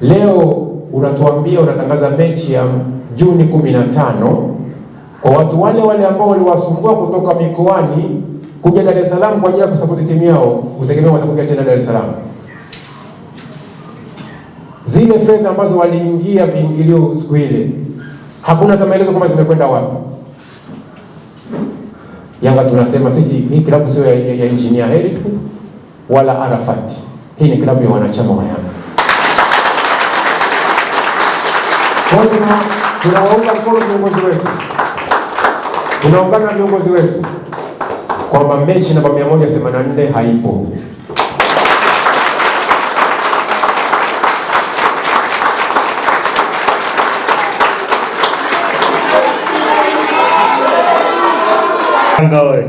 Leo unatuambia unatangaza mechi ya Juni 15 kwa watu wale wale ambao waliwasumbua kutoka mikoani kuja Dar es Salaam kwa ajili ya kusapoti timu yao, utegemea watakuja tena Dar es Salaam. Zile fedha ambazo waliingia viingilio siku ile, hakuna hata maelezo kama zimekwenda wapi. Yanga tunasema sisi, hii klabu sio ya ya, ya injinia Harris wala Arafat. Hii ni klabu ya wanachama wa Yanga. Kwa hiyo tunawaunga mkono viongozi wetu, tunaungana viongozi wetu kwamba mechi namba 184 haipo. Yanga oye!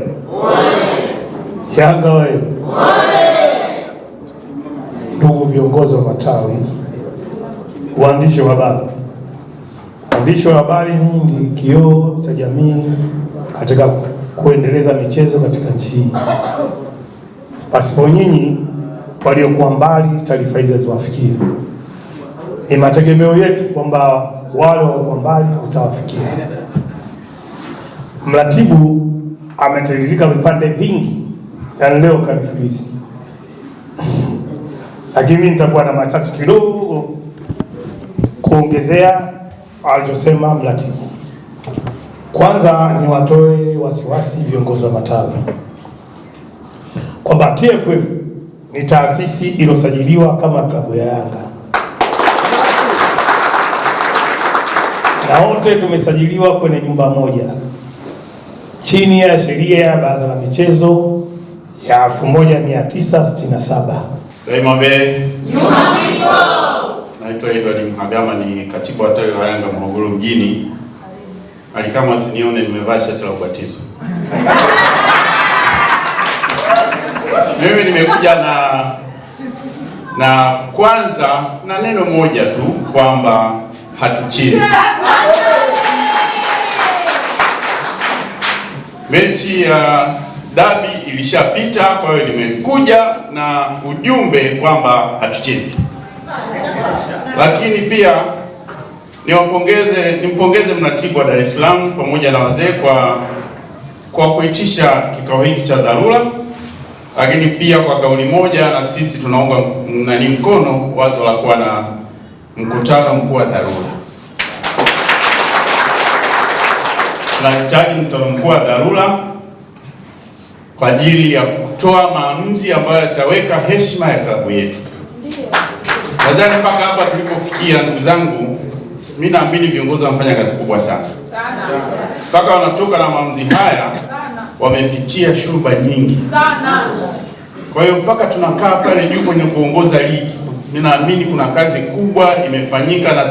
Yanga oye! Ndugu viongozi wa matawi, waandishi wa habari Waandishi wa habari, nyingi kioo cha jamii katika kuendeleza michezo katika nchi hii. Pasipo nyinyi, waliokuwa mbali, taarifa hizi haziwafikia. Ni mategemeo yetu kwamba wale waliokuwa mbali zitawafikia. Mratibu ametiririka vipande vingi, yaani leo kanifilisi, lakini nitakuwa na machache kidogo kuongezea alichosema mratibu. Kwanza ni watoe wasiwasi viongozi wa matawi kwamba TFF ni taasisi iliyosajiliwa kama klabu ya Yanga na wote tumesajiliwa kwenye nyumba moja chini ya sheria ya Baraza la Michezo ya 1967. Daima mbele, nyuma vigo! naitwa Edward Mhagama, ni katibu wa tawi la Yanga Morogoro mjini. kama sinione nimevaa shati la ubatizo mimi nimekuja na na kwanza na neno moja tu kwamba hatuchezi mechi ya dabi ilishapita. Kwa hiyo nimekuja na ujumbe kwamba hatuchezi. Lakini pia niwapongeze nimpongeze mratibu wa Dar es Salaam pamoja na wazee kwa kwa kuitisha kikao hiki cha dharura, lakini pia kwa kauli moja, na sisi tunaunga nani mkono wazo la kuwa na mkutano mkuu wa dharura. Tunahitaji mkutano mkuu wa dharura kwa ajili ya kutoa maamuzi ambayo yataweka heshima ya klabu yetu. Nadhani mpaka hapa tulipofikia, ndugu zangu, mi naamini viongozi wanafanya kazi kubwa sana mpaka wanatoka na maamuzi haya, wamepitia shuba nyingi sana. Kwa hiyo mpaka tunakaa pale juu kwenye kuongoza ligi, ninaamini kuna kazi kubwa imefanyika na